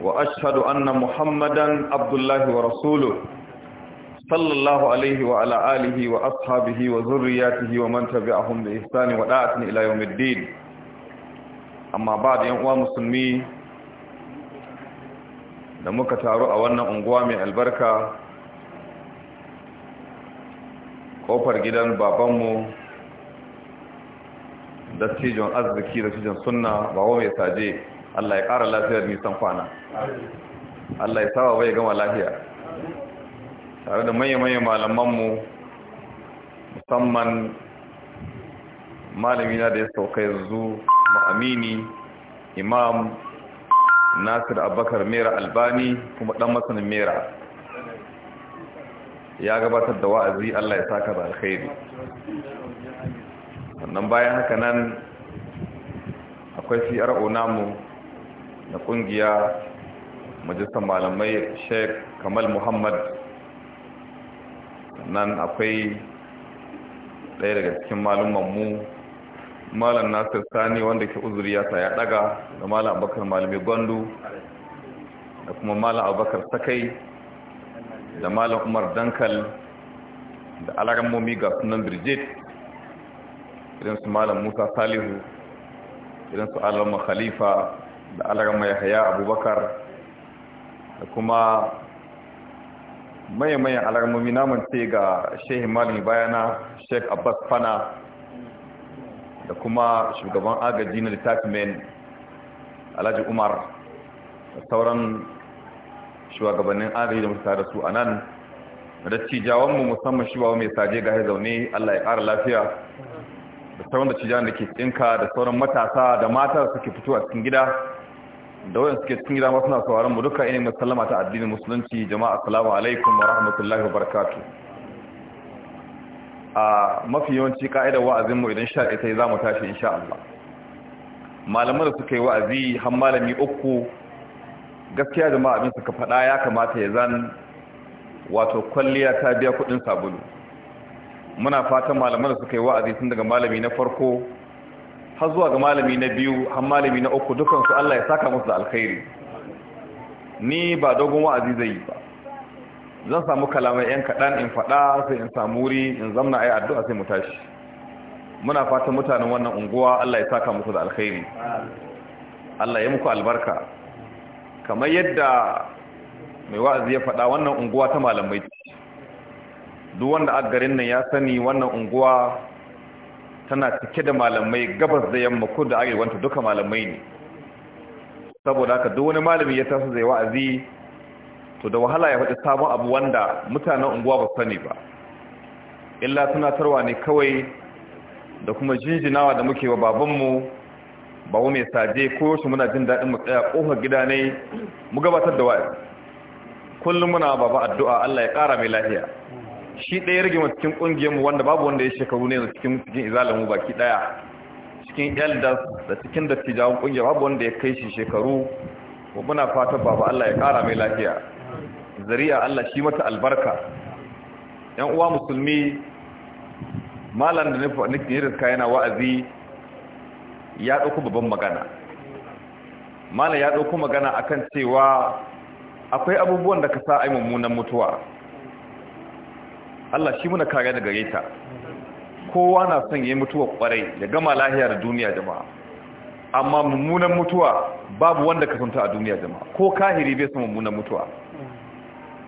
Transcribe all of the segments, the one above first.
وأشهد أن محمدا عبد الله ورسوله صلى الله عليه وعلى آله وأصحابه وذرياته ومن تبعهم بإحسان وداعتني إلى يوم الدين أما بعد ينقوى مسلمي لمك تارو أولنا أنقوامي البركة ƙofar gidan babanmu dattijon arziki dattijon sunna ba wa mai saje Allah ya ƙara lafiyar nisan kwana Allah ya sawa bai gama lafiya tare da manya-manyan malamanmu musamman malamina da ya sauka yanzu ma'amini imam nasir abakar mera albani kuma ɗan masanin mera ya gabatar da wa'azi Allah ya saka da alkhairi sannan bayan haka nan akwai fi'ar'o namu na kungiya majalisar malamai Sheik kamal muhammad nan akwai ɗaya daga cikin mu malam nasir sani wanda ke uzuri ya sa ya ɗaga da malam abakar malamai gwandu da kuma malam abakar sakai da malam umar dankal da momi ga sunan birjit irinsu malam musa salihu irinsu alamma khalifa da alaƙar mai haya abubakar da kuma mayan-mayan namun ce ga shehin malin bayana sheik abbas fana da kuma shugaban agaji na littafimen alhaji umar da sauran shugabannin agaji da mutu da su a nan da cijawanmu musamman shi mai saje ga zaune allah ya ƙara lafiya da sauran da cijawan da ke tsinka da sauran matasa da mata suke fito a cikin gida da wayan suke cikin gida masu na sauraron mu duka ina musallama ta addinin musulunci jama'a As-salamu alaikum wa rahmatullahi wa barakatuh a mafi yawanci ka'idar wa'azin mu idan ta yi za mu tashi in Allah malamar da suka yi wa'azi han malami uku gaskiya jama'a abin suka faɗa ya kamata ya zan wato kwalliya ta biya kuɗin sabulu muna fatan malamar da suka yi wa'azi sun daga malami na farko har zuwa ga malami na biyu har malami na uku dukansu Allah ya saka musu da alkhairi ni ba dogon wa'azi zai yi ba zan samu kalamai yan kaɗan in faɗa sai in samu wuri in zamna a yi addu'a sai mu tashi muna fatan mutanen wannan unguwa Allah ya saka musu da alkhairi Allah ya muku albarka kamar yadda mai wa'azi ya faɗa wannan unguwa ta malamai duk wanda a garin nan ya sani wannan unguwa tana cike da malamai gabas da yamma ko da arewanta duka malamai ne saboda haka duk wani malami ya taso zai wa'azi to da wahala ya faɗi sabon abu wanda mutanen unguwa ba sani ba illa tarwa ne kawai da kuma jinjinawa da muke wa babanmu ba wani mai saje ko shi muna jin daɗin mu tsaya ƙofar gida ne mu gabatar da wa'azi kullum muna baba addu'a Allah ya ƙara mai lafiya shi ɗaya rage ma cikin ƙungiyarmu wanda babu wanda ya shekaru ne cikin cikin izalinmu baki ɗaya cikin elders da cikin dattijawan ƙungiyar babu wanda ya kai shi shekaru ko muna fatan babu Allah ya ƙara mai lafiya zari'a Allah shi mata albarka yan uwa musulmi malam da nufin rizka yana wa'azi ya ɗauku babban magana malam ya ɗauku magana akan cewa akwai abubuwan da ka sa ai mummunan mutuwa Allah shi muna kare daga gare ta kowa na son yayi mutuwa kwarai ya gama lahiya da duniya jama'a amma mummunan mutuwa babu wanda ka sunta a duniya jama'a ko kahiri bai san mummunan mutuwa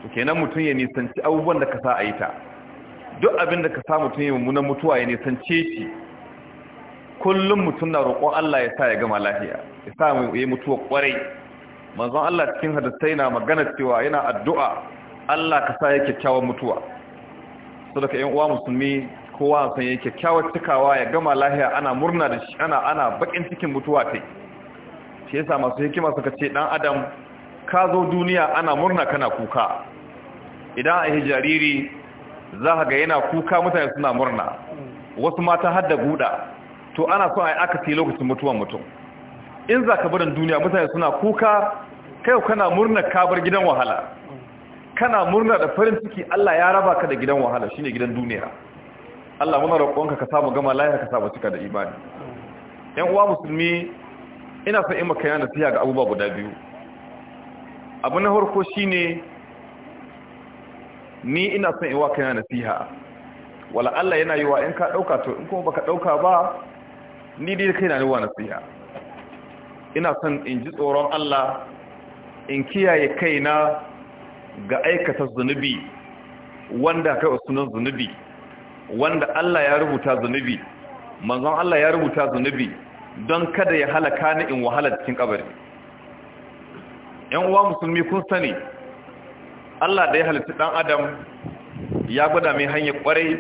to kenan mutun ya nisanci abubuwan da ka sa ayi ta duk abin da ka sa mutun ya mummunan mutuwa ya nisance shi kullum mutun na roƙon Allah ya sa ya gama lahiya ya sa ya mutuwa kwarai manzon Allah cikin hadisai na magana cewa yana addu'a Allah ka sa ya kyakkyawan mutuwa sadaka yan uwa musulmi kowa san yake kyakkyawar cikawa ya gama lahiya ana murna da shi ana ana bakin cikin mutuwa tai shi yasa masu hikima suka ce dan adam ka zo duniya ana murna kana kuka idan a jariri za ka ga yana kuka mutane suna murna wasu mata har da guda to ana so a yi akasi lokacin mutuwan mutum in za ka barin duniya mutane suna kuka kai kana murna kabar gidan wahala kana murna da farin ciki Allah ya raba ka da gidan wahala shine gidan duniya Allah muna roƙonka ka samu gama lafiya ka samu cika da imani ɗan uwa musulmi ina son in maka yana nasiha ga abubuwa guda biyu abu na farko shine ni ina son in wa kana nasiha wala Allah yana yi wa in ka dauka to in kuma baka dauka ba ni dai kai na yiwa nasiha ina son in ji tsoron Allah in kiyaye kaina ga aikata zunubi wanda kai sunan zunubi wanda Allah ya rubuta zunubi manzon Allah ya rubuta zunubi don kada ya halaka ni in wahala cikin kabari yan uwa musulmi kun sani Allah da ya halitta dan adam ya gwada mai hanya kwarai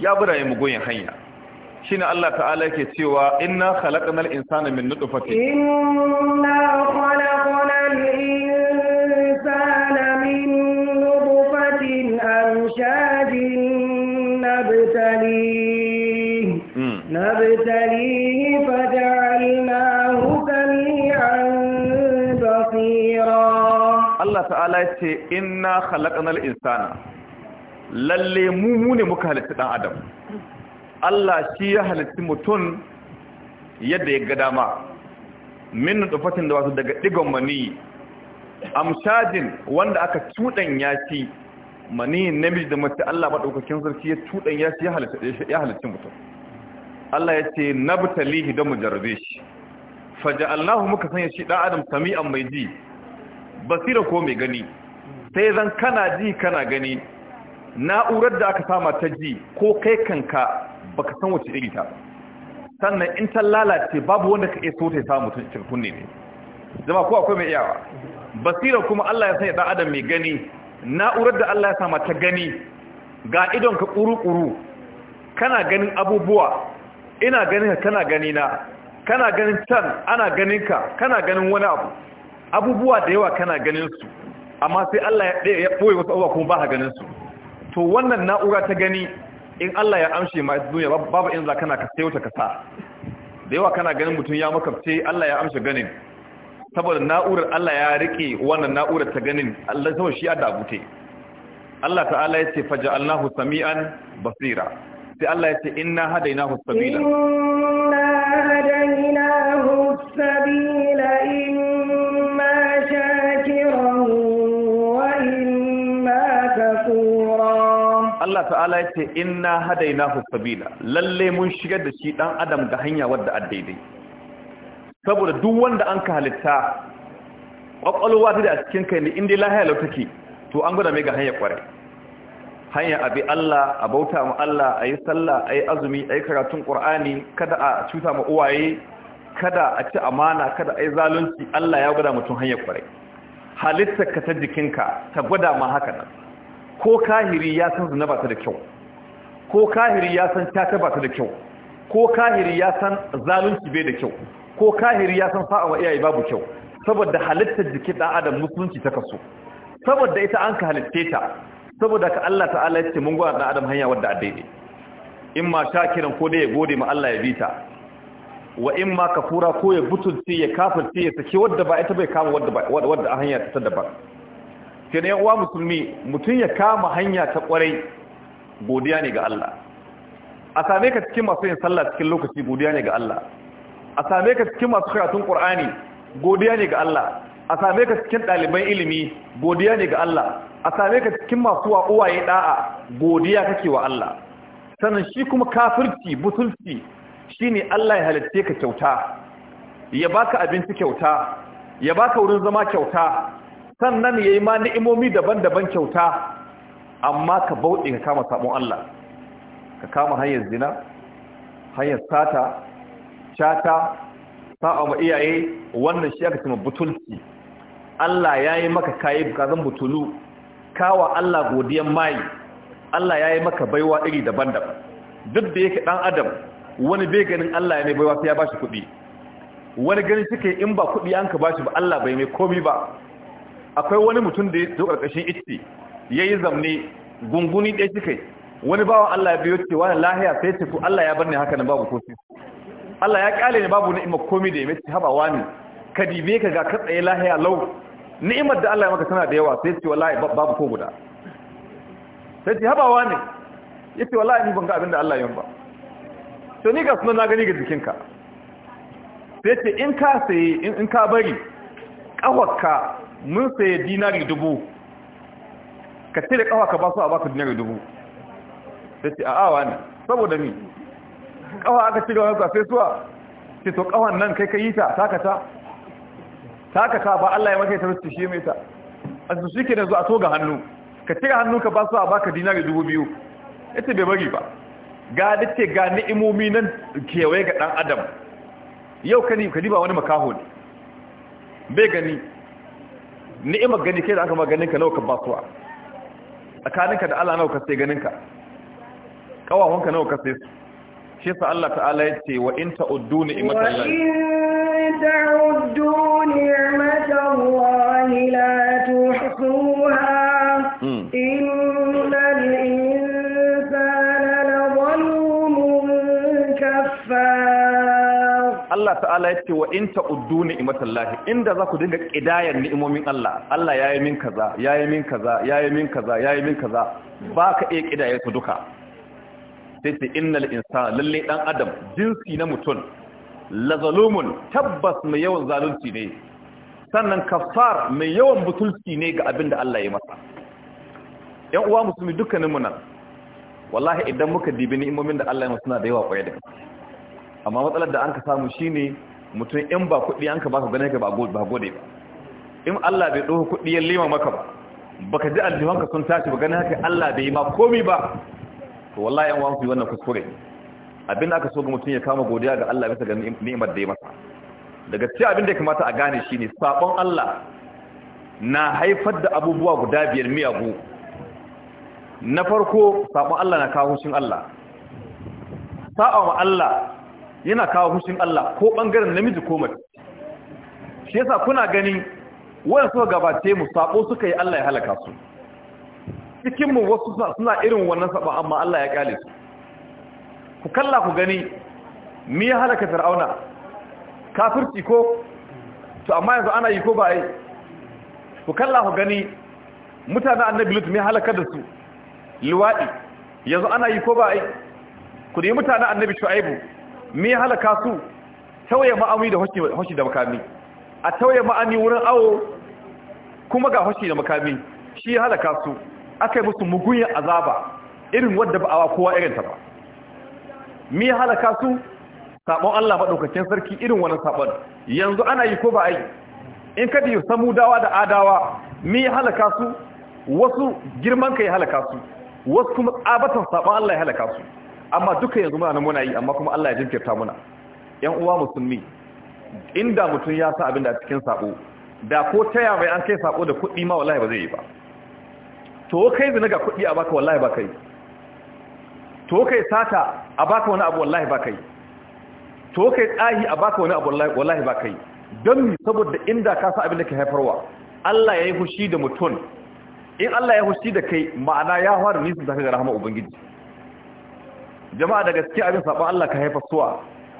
ya gwada mai mugoyin hanya shine Allah ta'ala yake cewa inna khalaqnal insana min nutfatin inna نبتليه فجعلناه سميعا بصيرا الله تعالى يقول إنا خلقنا الإنسان lalle mu ne muka halitta adam Allah shi ya halitta mutum yadda ya ga dama min nutfatin da wasu daga digon mani amshajin wanda aka tudan yaci mani namiji da mace Allah madaukakin sarki ya tudan yaci ya halitta ya halitta mutum Allah ya ce nabtalihi da mu jarrabe shi faja'alnahu muka sanya shi da adam sami'an mai ji basira ko mai gani sai zan kana ji kana gani na'urar da aka sama ta ji ko kai kanka baka san wace iri ta sannan in ta lalace babu wanda ka so ta samu cikin ne ne zama ko akwai mai iyawa basira kuma Allah ya sanya da adam mai gani na'urar da Allah ya sama ta gani ga idon ka kuru-kuru kana ganin abubuwa ina ganin ka kana gani na kana ganin can ana ganin ka kana ganin wani abu abubuwa da yawa kana ganin su amma sai Allah ya ɓoye wasu abubuwa kuma ba ka ganin su to wannan na'ura ta gani in Allah ya amshe ma duniya babu in za kana ka sayo kasa da yawa kana ganin mutum ya makabce Allah ya amshe ganin saboda na'urar Allah ya riƙe wannan na'urar ta ganin Allah saboda shi ya Allah ta'ala ya ce faja'alnahu sami'an basira sai Allah ya ce inna hadainahu sabila inna hadainahu sabila imma shakiran wa imma kafura Allah ta'ala ya ce inna hadainahu sabila lalle mun shigar da shi dan adam ga hanya wadda addaidai saboda duk wanda an ka halitta kwakwalwa da a cikin kai ne inda lahiya lau take to an gwada mai ga hanya kwarai hanya abi Allah a bauta mu Allah a yi sallah a yi azumi a yi karatun ƙur'ani kada a cuta ma uwaye kada a ci amana kada a yi zalunci Allah ya gwada mutum hanyar kwarai halittar ka ta jikinka ta gwada ma haka nan ko kahiri ya san zina ba ta da kyau ko kahiri ya san cata ba ta da kyau ko kahiri ya san zalunci bai da kyau ko kahiri ya san sa'a wa iyaye babu kyau saboda halittar jikin ɗan adam musulunci ta kaso saboda ita an ka halitteta. saboda ka Allah ta'ala ya ce mun gwada dan adam hanya wadda daidai in ma shakiran ko da ya gode ma Allah ya bita wa in ma kafura ko ya butulce ya kafirce ya saki wadda ba ita bai kama wadda ba wadda a hanya ta daban sai ne uwa musulmi mutun ya kama hanya ta kwarai godiya ne ga Allah a same ka cikin masu yin sallah cikin lokaci godiya ne ga Allah a same ka cikin masu karatun Qur'ani godiya ne ga Allah a same ka cikin ɗaliban ilimi godiya ne ga Allah a same ka cikin masu wa uwaye ɗa'a, godiya kake wa Allah sannan shi kuma kafirci butulci ne Allah ya halitta ka kyauta ya baka abinci kyauta ya baka wurin zama kyauta sannan yi ma ni'imomi daban-daban kyauta amma ka bauɗe ka kama saɓon Allah ka kama hanyar zina hanyar sata chata sa'a ma iyaye wannan shi aka cimma butulci Allah ya yi maka kayi bukazin butulu kawa Allah godiyan mai Allah ya yi maka baiwa iri daban-daban duk da yake dan adam wani bai ganin Allah ya ne baiwa sai ya bashi kuɗi wani ganin suke in ba kuɗi an ka bashi ba Allah bai mai komi ba akwai wani mutum da ya zo ƙarƙashin itti ya yi zamne gunguni ɗaya suke wani bawa Allah ya biyo cewa lahiya sai ce ku Allah ya bar ni haka nan babu kosi Allah ya ƙyale ni babu ni'imar komi da ya mace haba wani kadibe ka ga ka tsaye lahiya lau ni'imar da Allah ya maka tana da yawa sai ce wallahi babu ko guda sai ce habawa ne yace wallahi ni ban ga abin da Allah ya ba to ni ga sunan na gani ga jikinka sai ce in ka saye in ka bari ƙawarka mun saye dinari dubu ka cire kawa ka ba su a baka dinari dubu sai ce a'a wani. ne saboda ni kawa aka cire wani sai suwa ce to kawan nan kai ka yi ta takata ta ka ka ba Allah ya maka ta musu shi mai ta a su shike da zuwa to ga hannu ka tira hannu ka ba su a baka dinari dubu biyu Ita bai bari ba ga dace ga ni'imomi nan kewaye ga dan adam yau ka ni ba wani makaho ne bai gani ni'imar gani kai da aka ma ganin ka nawa ka ba su tsakaninka da Allah nawa ka sai ganin ka ka nawa ka sai su shi sa Allah ta'ala ya ce wa in ta'uddu ni'matallahi تعدوا نعمة الله لا تحصوها إن الإنسان لظلوم كفار الله تعالى يتي وإن تعدوا نعمة الله إن ذاك دينك إداية نعمة من الله الله يا يمين كذا يا يمين كذا يا يمين كذا يا يمين كذا باك إيك إداية صدقة sai ce innal insana lalle dan adam jinsi na mutum la zalumun tabbas mai yawan zalunci ne sannan kafar mai yawan butulci ne ga abin da Allah ya masa yan uwa musulmi dukkanin mu nan wallahi idan muka dibi imomin da Allah ya masa suna da yawa kwaye da amma matsalar da an ka samu shi ne, mutum in ba kuɗi an ka baka gane ka ba gode ba in Allah bai ɗauko kuɗi ya lima maka ba baka ji aljihunka sun tashi ba gane haka Allah bai yi ma komi ba to wallahi yan uwa musulmi wannan kuskure ne abin da aka so ga mutum ya kama godiya ga Allah bisa ga ni'imar da ya masa daga cikin abin da ya kamata a gane shine sabon Allah na haifar da abubuwa guda biyar miyagu na farko sabon Allah na kawo hushin Allah sa'awa Allah yana kawo hushin Allah ko bangaren namiji ko mace shi yasa kuna gani wanda suka gabace mu sabo suka yi Allah ya halaka su cikin mu wasu suna irin wannan sabon amma Allah ya kyalesu su ku kalla ku gani mi ya halaka fir'auna kafirci ko to amma yanzu ana yi ko ba ai ku kalla ku gani mutanen annabi lut mi halaka da su liwadi yanzu ana yi ko ba ai ku dai mutanen annabi shu'aibu mi ya halaka su tauye ma'ami da hoshi da makami a tauye ma'ani wurin awo kuma ga hoshi da makami shi ya halaka su aka yi musu mugun azaba irin wadda ba a kowa ta ba mi halaka su sabon Allah madaukakin sarki irin wannan sabon yanzu ana yi ko ba ai in ka samu dawa da adawa mi halaka su wasu girman kai halaka su wasu kuma abatan sabon Allah ya halaka su amma duka yanzu muna muna yi amma kuma Allah ya jinkirta muna yan uwa musulmi inda mutum ya sa abin da cikin sabo da ko taya mai an kai sabo da kuɗi ma wallahi ba zai yi ba to kai zina ga kuɗi a baka wallahi ba kai to kai sata a baka wani abu wallahi ba kai to kai tsahi a baka wani abu wallahi ba kai don mi saboda inda ka sa abin da ka haifarwa Allah ya yi hushi da mutum in Allah ya hushi da kai ma'ana ya fara nisan tafi ga rahama ubangiji jama'a da gaske abin saban Allah ka haifar suwa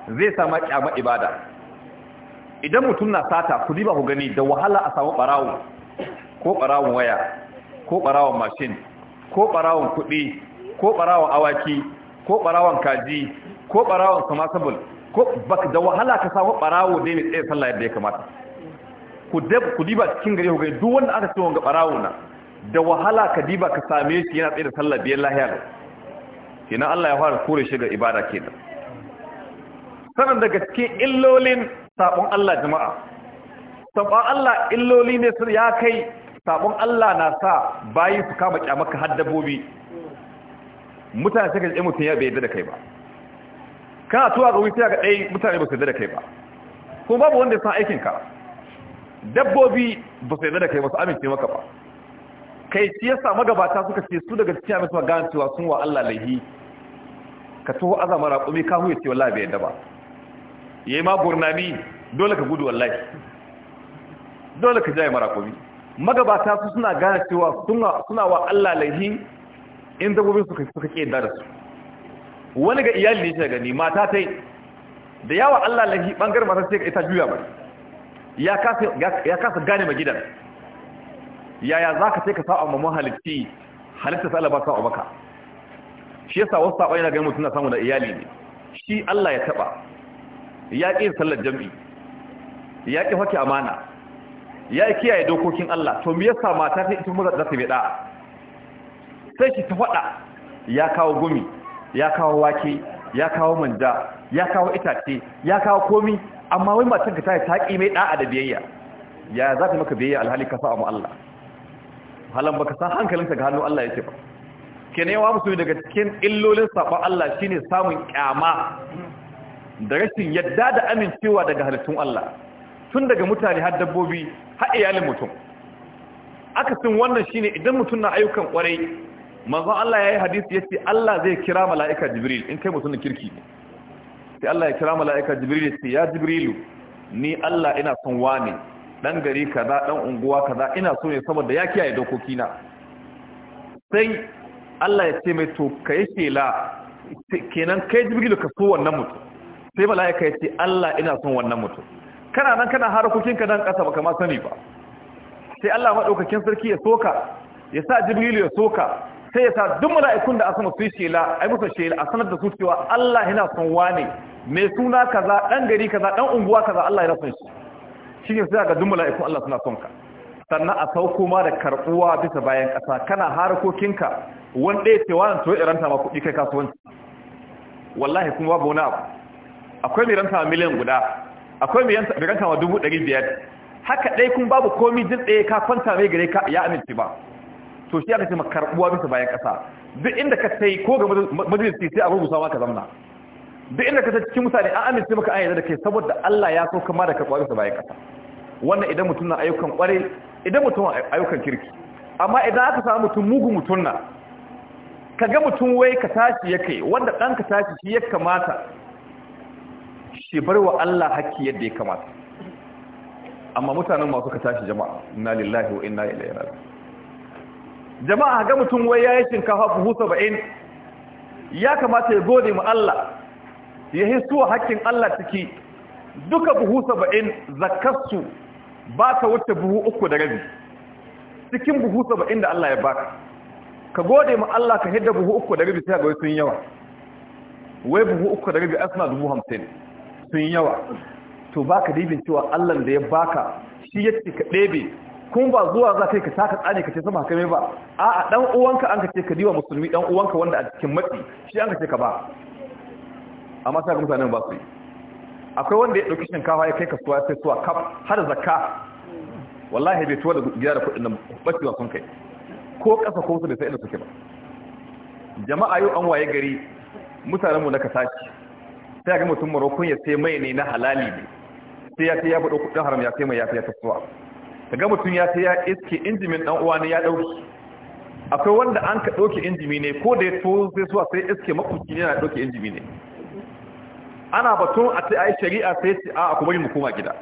zai sama kyama ibada idan mutum na sata ku ba ku gani da wahala a samu ɓarawo ko ɓarawon waya ko barawon mashin ko barawon kuɗi ko barawan awaki ko barawan kaji ko barawan samasabul ko baka da wahala ka samu barawo dai ne tsaye sallah yadda ya kamata ku dab ku diba cikin gari ku ga duk wanda aka ce wanga barawo na da wahala ka diba ka same shi yana tsaye da sallah biyan lahiya kenan Allah ya fara kore shi ga ibada kenan sanan daga cikin illolin sabon Allah jama'a sabon Allah illoli ne sun ya kai sabon Allah na sa bayi su kama kyamaka har dabbobi mutane suka ji mutum ya bai yadda da kai ba kana tuwa ga wuce ga ɗai mutane ba su yadda da kai ba kuma babu wanda ya san aikin ka dabbobi ba su yadda da kai ba su amince maka ba kai shi yasa magabata suka ce su daga cikin amince gane cewa sun wa Allah laihi ka taho azama raƙumi ka huye ce wallahi bai yadda ba yayi ma gurnami dole ka gudu wallahi dole ka jaye maraƙumi magabata su suna gane cewa suna wa Allah laihi in dabbobin suka suka ke da su wani ga iyali ne shi gani mata ta yi da yawa Allah lahi bangar masar sai ita juya ba ya kasa gane magidan yaya ka sai ka sa'a mamman halitti halitta sai ba sa'a baka shi ya wasu sa'a yana mutum na samu da iyali ne shi Allah ya taba ya ƙi sallar jam'i ya ƙi hake amana ya kiyaye dokokin Allah to mu yasa mata ta ita kuma za ta bai da'a sai ki ta faɗa ya kawo gumi ya kawo wake ya kawo manja ya kawo itace ya kawo komi amma wai matanka ta yi taƙi mai ɗa'a da biyayya ya za ka maka biyayya alhali ka sa'a Allah halan baka san hankalinka ga hannu Allah yake ba kenan wa musu daga cikin illolin sabon Allah shine samun kyama da rashin yadda da amincewa daga halittun Allah tun daga mutane har dabbobi har iyalin mutum akasin wannan shine idan mutum na ayyukan kwarai manzon Allah ya yi hadisi ya ce Allah zai kira mala'ika Jibril in kai musulun kirki ne sai Allah ya kira mala'ika Jibril ce ya Jibrilu ni Allah ina son wane dan gari kaza dan unguwa kaza ina so ne saboda ya kiyaye dokokina. sai Allah ya ce mai to ka yi shela kenan kai Jibrilu ka so wannan mutum sai mala'ika ya ce Allah ina son wannan mutum kana nan kana harkokin ka nan ƙasa baka ma sani ba sai Allah madaukakin sarki ya soka ya sa Jibrilu ya soka sai ya sa duk mala'ikun da asama su shela ai musu shela a sanar da su cewa Allah yana son wane mai suna kaza dan gari kaza dan unguwa kaza Allah yana son shi shine sai ga duk mala'ikun Allah suna son ka sannan a sauko ma da karbuwa bisa bayan kasa kana harkokinka wanda ya ce wani to iranta ma kuɗi kai kasuwanci wallahi kuma babu wani abu akwai mai ranta miliyan guda akwai mai ranta ma dubu ɗari biyar haka ɗaya kun babu komi jin ɗaya ka kwanta mai gare ka ya amince ba to shi aka ce makarbuwa bisa bayan ƙasa duk inda ka sai ko ga majalis sai a rubuta maka zamna duk inda ka ta cikin mutane an amince maka ayyana da kai saboda Allah ya so kama da karbuwa bisa bayan ƙasa wannan idan mutum na ayyukan kware idan mutum ayyukan kirki amma idan aka samu mutum mugu mutum na ka ga mutum wai ka tashi ya kai wanda ɗan ka tashi shi ya kamata shi bar wa Allah haƙƙi yadda ya kamata amma mutanen masu ka tashi jama'a inna lillahi wa inna ilaihi raji'un jama'a ga mutum wai ya yi shinkafa buhu saba'in, ya kamata ya gode mu Allah ya yi suwa hakkin Allah ciki duka buhu saba'in zakassu ba ta wuce buhu uku da rabi cikin buhu saba'in da Allah ya baka ka gode mu Allah ka hidda buhu uku da rabi sai ga sun yawa wai buhu uku da rabi asna dubu hamsin sun yawa to baka dibin cewa Allah da ya baka shi yake ka ɗebe kun ba zuwa za kai ka taka tsane ka ce sama ka mai ba a'a ɗan uwanka an ka ce ka diwa musulmi ɗan uwanka wanda a cikin matsi shi an ka ce ka ba amma sai mutanen ba su yi akwai wanda ya ɗauki shinkafa ya kai kasuwa sai suwa kaf har zakka wallahi bai tuwa da gida da kuɗin nan ɓacewa sun kai ko ƙasa ko su da sai inda suke ba jama'a yau an waye gari mutanen mu na kasaci sai ga mutum marokon ya sai mai ne na halali ne sai ya ce ya faɗo kuɗin haram ya sai mai ya fi ya tasowa kaga mutum ya ta ya iske injimin dan uwa ne ya dauki akwai wanda an ka ɗauki injimi ne ko da ya to sai suwa sai iske makuci ne na dauke injimi ne ana batun a ta ai shari'a sai ce a ku bari mu koma gida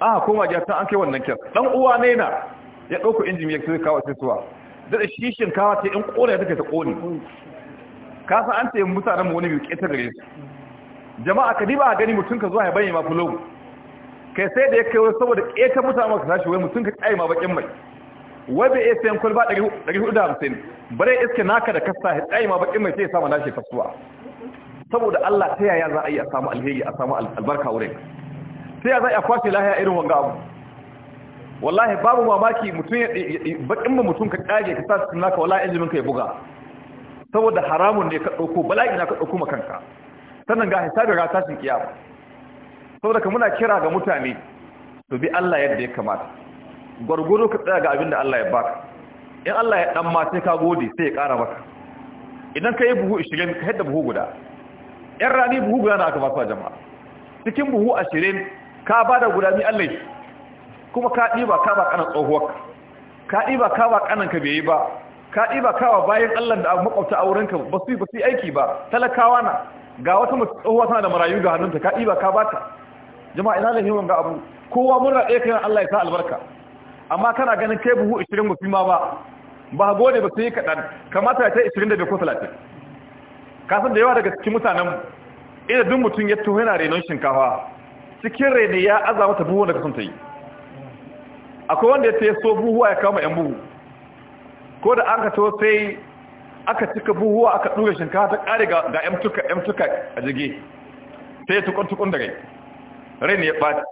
a koma gida tun an kai wannan kyar dan uwa ne na ya dauko injimi ya sai kawo sai suwa da shi kawo sai in kore ya take ta kone ka san an ce mutanen mu wani biyu ketare su jama'a ka diba gani mutun ka zuwa ya bayyana ma fulogu kai sai da ya kai wasu saboda ƙeta mutane maka tashi wai mutum ka ƙayi ma bakin mai wai ya sayan kwalba 450 bare iske naka da kasta, ya ƙayi ma bakin mai sai ya samu nashi fasuwa saboda Allah ta yaya za a yi a samu alheri a samu albarka wurin ta yaya za a yi a kwashe lahiya irin wanga abu wallahi babu mamaki mutum ya bakin mai mutum ka ƙage ka sa cikin naka wallahi injimin ka ya buga saboda haramun ne ka ɗauko bala'i na ka ɗauko makanka sannan ga hisabi ra tashin kiyama saboda ka muna kira ga mutane su bi Allah yadda ya kamata gwargwaro ka tsaya ga abin da Allah ya baka in Allah ya dan ma sai ka gode sai ya kara maka idan ka yi buhu 20 ka yadda buhu guda yan rani buhu guda na aka ba su jama'a cikin buhu 20 ka bada guda mi Allah kuma ka diba ka ba kanan tsohuwarka ka diba ka ba kanan ka bai ba ka diba ka ba bayan Allah da makwabta auren ka ba su ba su aiki ba talakawa na ga wata tsohuwa tana da marayu ga hannunta ka diba ka bata jama'a ina lahi wanga abu kowa mun raɗe kayan Allah ya sa albarka amma kana ganin kai buhu 20 ba ma ba ba gode ba sai kaɗan kamata ya da biyu ko 30 kasan da yawa daga cikin mutanen ina dun mutum ya tuhu yana renon shinkafa cikin rene ya aza mata buhu wanda sun ta yi akwai wanda ya ta so buhuwa ya kama yan buhu ko da an ka to sai aka cika buhuwa aka ɗuga shinkafa ta ƙare ga yan tuka a jirgi sai ya tukun-tukun da rai rai ne ya ɓaci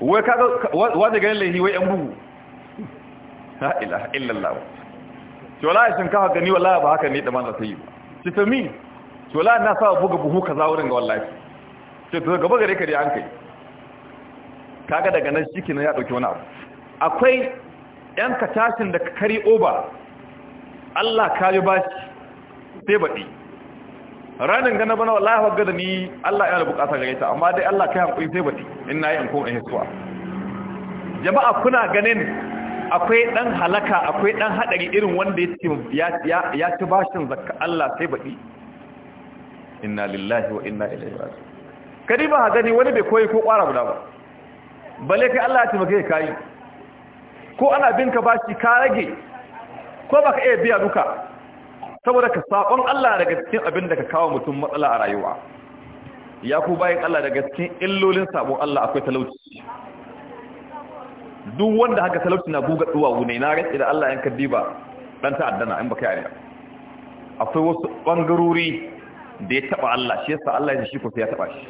wai ka wata ganin laihi wai yan bugu ha ilaha illallah ce wala ya shinkafa gani wala ba haka ne da manzata yi ba ce ta mi ce wala na sa buga buhu kaza wurin ga wallahi ce ta gaba gare ka dai an kai kaga daga nan shi kenan ya ɗauki wani abu akwai yan katashin da ka kari oba Allah ka yi bashi sai baɗi ranin gana bana wallahi wagga da ni Allah ya bukata gare ta amma dai Allah kai hankuri sai bati in nayi in koma hisuwa jama'a kuna ganin akwai dan halaka akwai dan hadari irin wanda ya ya ya ci bashin zakka Allah sai bati inna lillahi wa inna ilaihi raji kadi ba gani wani bai koyi ko kwara guda ba balle kai Allah ya taimake kai ko ana binka bashi ka rage ko baka iya biya duka saboda ka sabon Allah daga cikin abin da ka kawo mutum matsala a rayuwa ya ku bayan Allah daga cikin illolin sabon Allah akwai talauci duk wanda haka talauci na buga duwa, wune na gaske da Allah yan kaddiba dan ta'addana in baka yare akwai wasu bangarori da ya taba Allah shi yasa Allah ya shi ko sai ya taba shi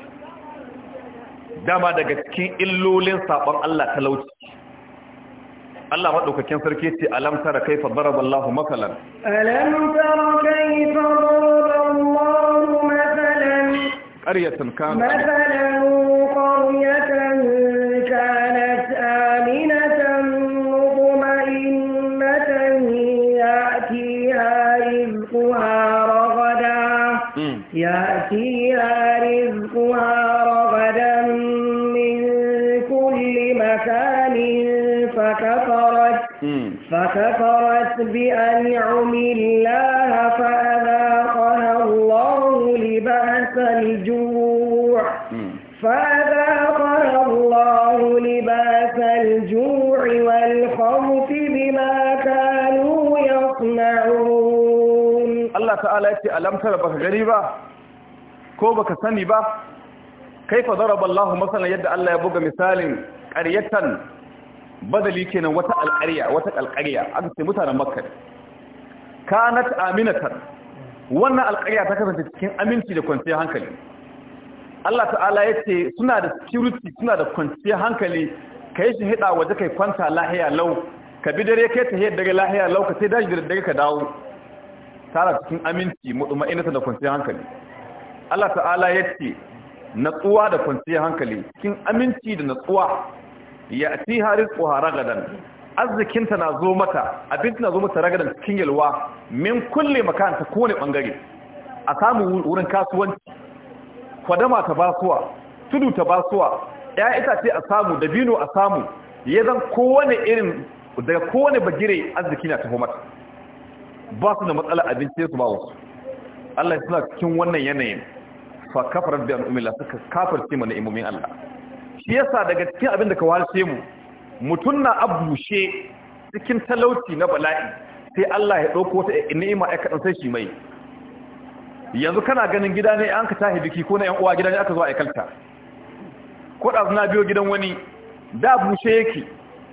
dama daga cikin illolin sabon Allah talauci Allah maɗaukakin sarki ce alam tara kaifa daraba Allahu makalan alam tara kaifa daraba Allahu makalan qaryatan kana makalan qaryatan kana كفرت بأنعم الله فأذاقها الله لبأس الجوع فأذاقها الله لباس الجوع والخوف بما كانوا يصنعون الله تعالى يأتي ألم ترى بك غريبة كوبك سنبا كيف ضرب الله مثلا يد الله يبقى مثال قرية badali kenan wata alƙarya wata alƙarya an ce mutanen makka kanat aminatan wannan alƙarya ta kasance cikin aminci da kwanciyar hankali Allah ta'ala ya ce suna da security suna da kwanciyar hankali ka yi shahida waje kai kwanta lahiya lau ka bi dare kai tahiyar dare lahiya lau ka sai daji da dare ka dawo tara cikin aminci mutuma'inata da kwanciyar hankali Allah ta'ala ya ce natsuwa da kwanciyar hankali cikin aminci da natsuwa ya'tiha rizquha ragadan arzikinta na zo mata abinci na zo mata ragadan cikin yalwa min kulle makan ta kowane bangare a samu wurin kasuwanci kwadama ta basuwa tudu ta basuwa ya ita ce a samu dabino a samu ya zan kowane irin daga kowane bagire arziki na taho mata ba su da matsala abinci su ba wasu Allah suna cikin wannan yanayin fa kafar da al'umma suka kafirce mana imomin Allah shi yasa daga cikin abin da ka wace mu mutum na abushe cikin talauci na bala'i sai Allah ya ɗauko ta ni'ima ya kaɗan sai shi mai yanzu kana ganin gida ne an ka tahi biki ko na yan uwa gida ne aka zo a kalta ko da na biyo gidan wani da bushe yake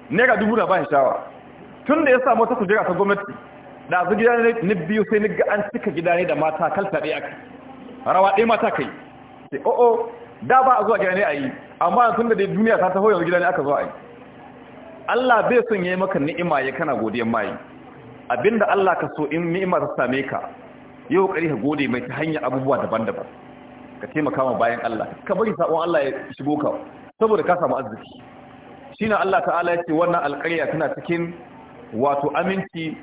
ga dubu na ba shawa tun da ya samu wata kujera ta gwamnati da zu gida ne biyu sai ni ga an cika gida ne da mata kalta ɗaya aka rawa ɗaya mata kai sai o'o oh, oh, da ba a zuwa gida ne a yi amma sun da duniya ta taho yanzu gida ne aka zuwa a yi Allah bai son ya yi maka ni'ima ya kana godiyan mai abinda Allah ka so in ni'ima ta same ka yi kokari ka gode mai ta hanyar abubuwa daban-daban ka taimaka ma bayan Allah ka bari sabon Allah ya shigo ka saboda ka samu arziki shine Allah ta'ala ya ce wannan alƙarya tana cikin wato aminci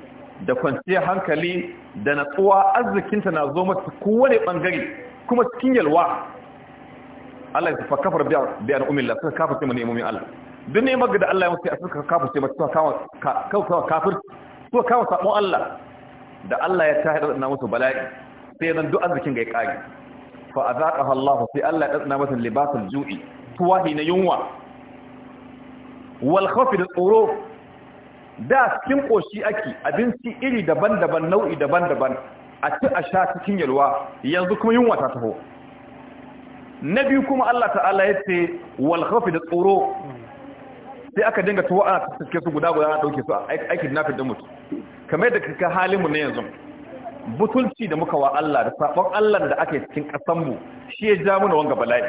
da kwanciyar hankali da natsuwa arzikinta na zo mata kowane bangare kuma cikin yalwa Allah ya fa kafar bi an umilla suka kafirce mu ni'imomin Allah duk ne maga da Allah ya musu a suka kafa mu suka kawo kawo kafir suka kawo sabon Allah da Allah ya tahida na musu bala'i sai nan duk arzikin ga ya kage fa azaqaha Allah sai Allah ya na masa libasul ju'i tuwahi na yunwa wal khawfi da tsoro da cikin koshi ake abinci iri daban-daban nau'i daban-daban a ci a sha cikin yalwa yanzu kuma yunwa ta taho na biyu kuma Allah ta'ala ya ce wal da tsoro sai aka dinga tuwa ana tattake su guda guda ana dauke su aikin na fi mutu kamar da kika halinmu mu yanzu butulci da muka wa Allah da sabon Allah da aka yi cikin kasanmu shi ya ja muna wanga bala'i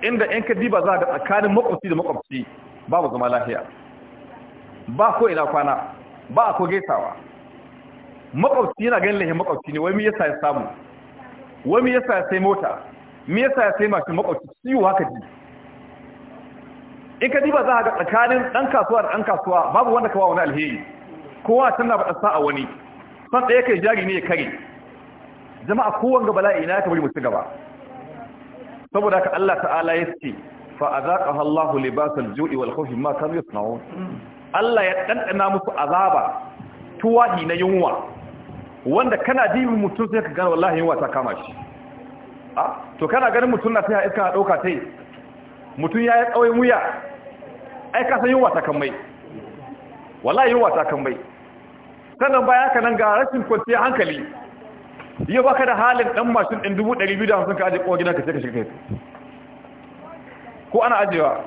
inda yan kadiba za a ga tsakanin makwabci da makwabci mu zama lafiya ba ko ina kwana ba ko gaisawa makwabci yana ganin lahin makwabci ne wai mu yasa ya samu wai mu yasa ya sai mota me yasa ya sai mashin makwabci ciwo haka ji in ka ba za a ga tsakanin ɗan kasuwa da ɗan kasuwa babu wanda kawa wani alheri kowa can na baɗasa a wani san ɗaya kai jari ne ya kare jama'a kowanne bala'i na ya kamar mutu gaba saboda ka Allah ta'ala ya ce fa a azaqaha hallahu libasal jo'i wal khawfi ma kanu yasna'un Allah ya ɗanɗana musu azaba tuwahi na yunwa wanda kana dibin mutum sai ka gano wallahi yunwa ta kama shi to kana ganin mutum na sai iska na ɗauka ta yi mutum ya yi tsawon wuya ai ka san yunwa ta kan mai wallahi yunwa ta kan mai sannan baya ka nan ga rashin kwanciyar hankali yau baka da halin dan mashin ɗin dubu ɗari biyu da hamsin ka aje kowa ka sai ka shiga kai ko ana ajewa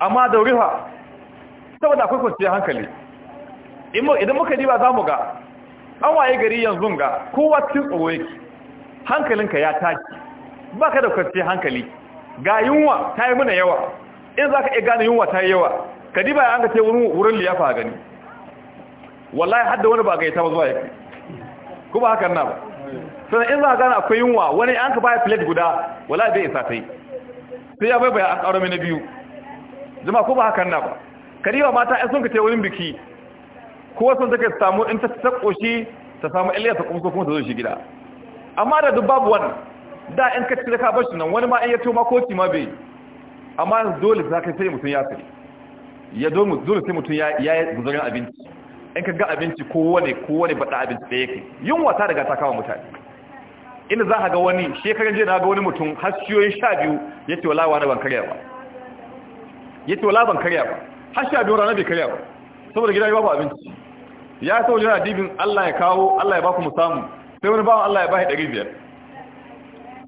amma da wurifa saboda akwai kwanciyar hankali idan muka diba za mu ga an waye gari yanzu ga kowa cikin tsoro yake hankalinka ya tashi ba ka da kwanciyar hankali ga yunwa ta yi muna yawa in za ka iya gane yunwa ta yi yawa ka diba ya an ka ce wurin liyafa gani wallahi hadda wani ba ga ita ba zuwa ya fi kuma hakan na ba sannan in za ka gane akwai yunwa wani an ka baya filet guda wallahi zai isa ta yi sai ya baibaya an ƙaro mini biyu jama kuma hakan na ba ka diba mata ya sun ka ce wurin biki ko sun take samu in ta ta ƙoshi ta samu iliya ta kuma kuma ta zo shi gida amma da duk babu wannan da in ka cire ka bashi nan wani ma in ya toma koci ma bai amma dole za ka sai mutum ya fi ya dole sai mutum ya yi guzarin abinci in ka ga abinci ko wani ko wani bada abinci da yake yunwa ta daga ta kawo mutane inda za ka ga wani shekaran jiya na ga wani mutum har siyoyin sha biyu ya ce wala wani ban karya ba ya ce wala ban karya ba har sha biyu rana bai karya ba saboda gida babu abinci ya sau jira dibin Allah ya kawo Allah ya baku mu samu sai wani bawan Allah ya bashi ɗari biyar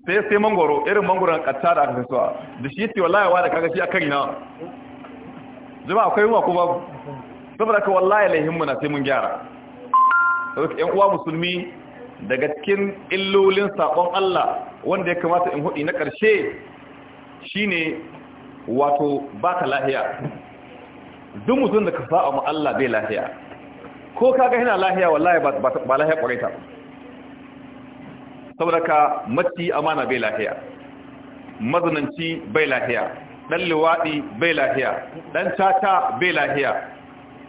sai sai mangoro irin na ƙatta da aka fi suwa da shi ce wallahi wa da kaga shi a kari na jama'a akwai yi ko babu saboda ka wallahi laihin muna na sai mun gyara saboda ƴan uwa musulmi daga cikin illolin saƙon Allah wanda ya kamata in hudu na ƙarshe shine wato ba ka lahiya duk mutum da ka sa'a mu Allah bai lahiya ko kaga yana lahiya wallahi ba lahiya ƙwarai ta ba sauraka matti amana bai lahiya mazinanci bai lahiya ɗan liwaɗi bai lahiya ɗan caca bai lahiya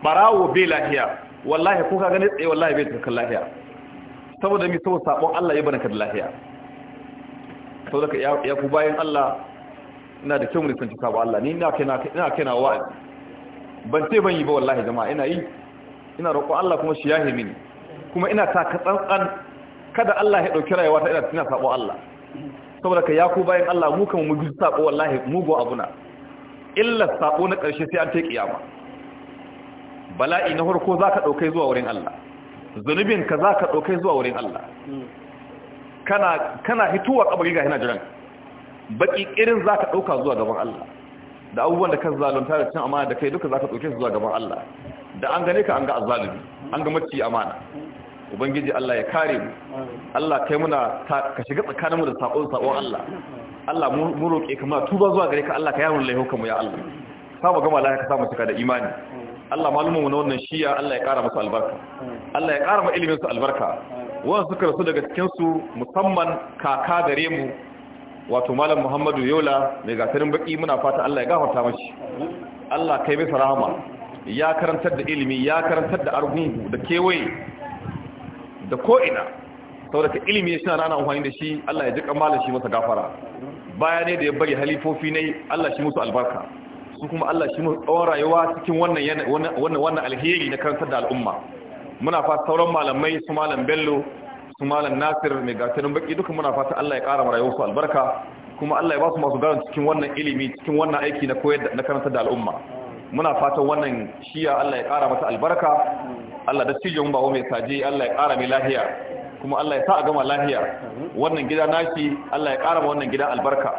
ɓarawo bai lahiya wallahi ko ka gani tsaye wallahi bai tsaka lahiya saboda mi saboda sabon Allah ya baraka da lahiya saboda ya ku bayan Allah ina da kyau ne san sabon Allah ni ina kaina ina kaina ban ce ban yi ba wallahi jama'a ina yi ina roƙo Allah kuma shi yahe mini kuma ina ta ka tsantsan kada Allah ya dauki rayuwa ta ina tana sabo Allah saboda ka yaku bayan Allah mu kan mu guji sabo wallahi mugo abuna illa sabo na karshe sai an ta kiyama bala'i na horko zaka dauke zuwa wurin Allah zunubin ka zaka dauke zuwa wurin Allah kana kana hituwa kabari ga hina jiran baki irin zaka dauka zuwa gaban Allah da abubuwan da ka zalunta da cin amana da kai duka zaka dauke su zuwa gaban Allah da an gane ka an ga azzalimi an ga mace amana ubangiji Allah ya kare mu Allah kai muna ka shiga tsakaninmu da sakon sakon Allah Allah mu roƙe kama tuba zuwa gare ka Allah ka yarun laihuka mu ya Allah samu gama lafiya ka samu cika da imani Allah malumin mu na wannan shiya Allah ya kara musu albarka Allah ya kara mu ilimin su albarka wannan suka rasu daga cikin su musamman kaka gare mu wato malam Muhammadu Yola mai gasarin baki muna fata Allah ya gafarta mashi Allah kai mai rahama ya karantar da ilimi ya karantar da argungu da kewaye da ko'ina saboda ilimi suna rana amfani da shi Allah ya ji kamala shi masa gafara baya ne da ya bari halifofi ne Allah shi musu albarka su kuma Allah shi musu tsawon rayuwa cikin wannan wannan alheri na karanta da al'umma muna fata sauran malamai su malam bello su malam nasir mai gatarin baki duka muna fata Allah ya kara rayuwar su albarka kuma Allah ya ba su masu garan cikin wannan ilimi cikin wannan aiki na koyar da da al'umma muna fatan wannan shiya Allah ya ƙara mata albarka Allah da cijin ba mai saje Allah ya ƙara mai lahiya kuma Allah ya sa a gama lahiya wannan gida nashi, Allah ya ƙara wannan gida albarka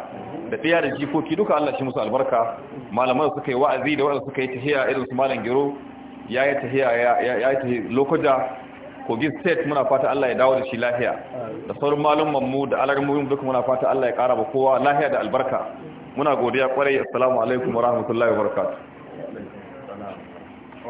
da ɗaya da jikoki duka Allah shi musu albarka malaman suka yi wa'azi da waɗanda suka yi tahiya irin su malam gero ya yi tahiya ya yi tahiya lokuta kogi state muna fata Allah ya dawo da shi lahiya da sauran malumman mu da alarmomin duka muna fata Allah ya ƙara ba kowa lahiya da albarka muna godiya kwarai assalamu alaikum wa rahmatullahi wa barakatuh